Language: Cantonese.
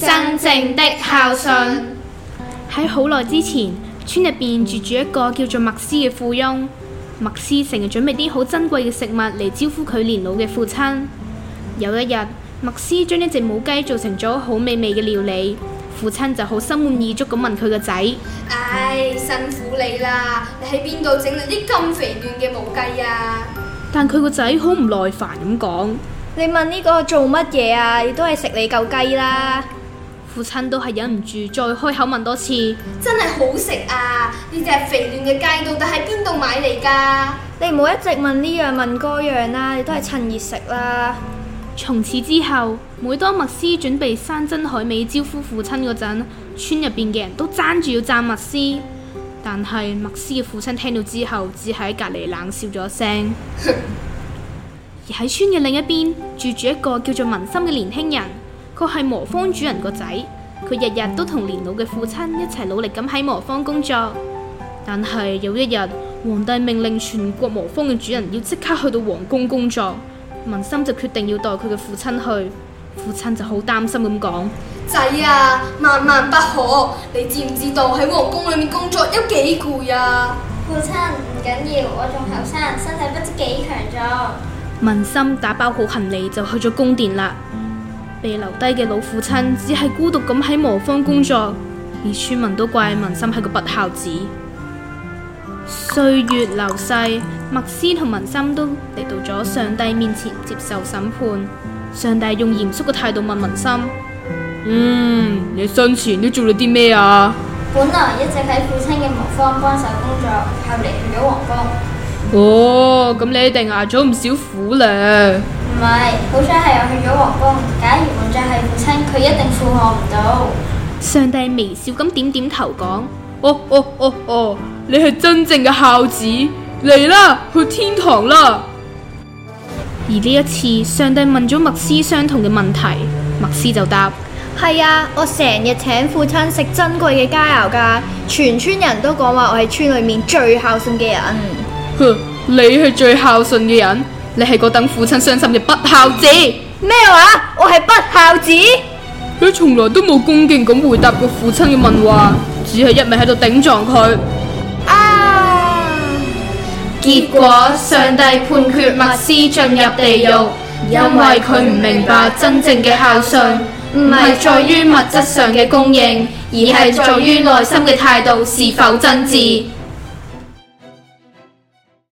真正的孝順。喺好耐之前，村入邊住住一個叫做麥斯嘅富翁。麥斯成日準備啲好珍貴嘅食物嚟招呼佢年老嘅父親。有一日，麥斯將一隻母雞做成咗好美味嘅料理，父親就好心滿意足咁問佢個仔：唉、哎，辛苦你啦，你喺邊度整到啲咁肥嫩嘅母雞啊？但佢個仔好唔耐煩咁講：你問呢、這個做乜嘢啊？亦都係食你嚿雞啦。父親都係忍唔住再開口問多次，真係好食啊！呢隻肥嫩嘅雞到底喺邊度買嚟噶？你唔好一直問呢樣問嗰樣啦，你都係趁熱食啦。從 此之後，每當麥斯準備山珍海味招呼父親嗰陣，村入邊嘅人都爭住要讚麥斯，但係麥斯嘅父親聽到之後，只喺隔籬冷笑咗聲。 而喺村嘅另一邊，住住一個叫做文心嘅年輕人。佢係磨坊主人個仔，佢日日都同年老嘅父親一齊努力咁喺磨坊工作。但係有一日，皇帝命令全國磨坊嘅主人要即刻去到皇宮工作，文心就決定要代佢嘅父親去。父親就好擔心咁講：仔啊，萬萬不可！你知唔知道喺皇宮裏面工作有幾攰啊？父親唔緊要，我仲後生，身體不知幾強壯。文心打包好行李就去咗宮殿啦。被留低嘅老父親只係孤獨咁喺磨坊工作，而村民都怪文森係個不孝子。歲月流逝，麥斯同文森都嚟到咗上帝面前接受審判。上帝用嚴肅嘅態度問文森，嗯，你生前都做咗啲咩啊？本來一直喺父親嘅磨坊幫手工作，後嚟去咗皇宮。哦，咁你一定捱咗唔少苦咧。唔係，好彩係我去咗皇宮，假如上帝微笑咁點點頭講，哦，哦哦哦哦，你係真正嘅孝子，嚟啦，去天堂啦。而呢一次，上帝問咗麥斯相同嘅問題，麥斯就答，係啊，我成日請父親食珍貴嘅佳肴噶，全村人都講話我係村裏面最孝順嘅人。哼，你係最孝順嘅人？你係個等父親傷心嘅不孝子？咩話、啊？我係不孝子？佢從來都冇恭敬咁回答過父親嘅問話，只係一味喺度頂撞佢。啊！結果上帝判決麥斯進入地獄，因為佢唔明白真正嘅孝順唔係在於物質上嘅供應，而係在於內心嘅態度是否真摯。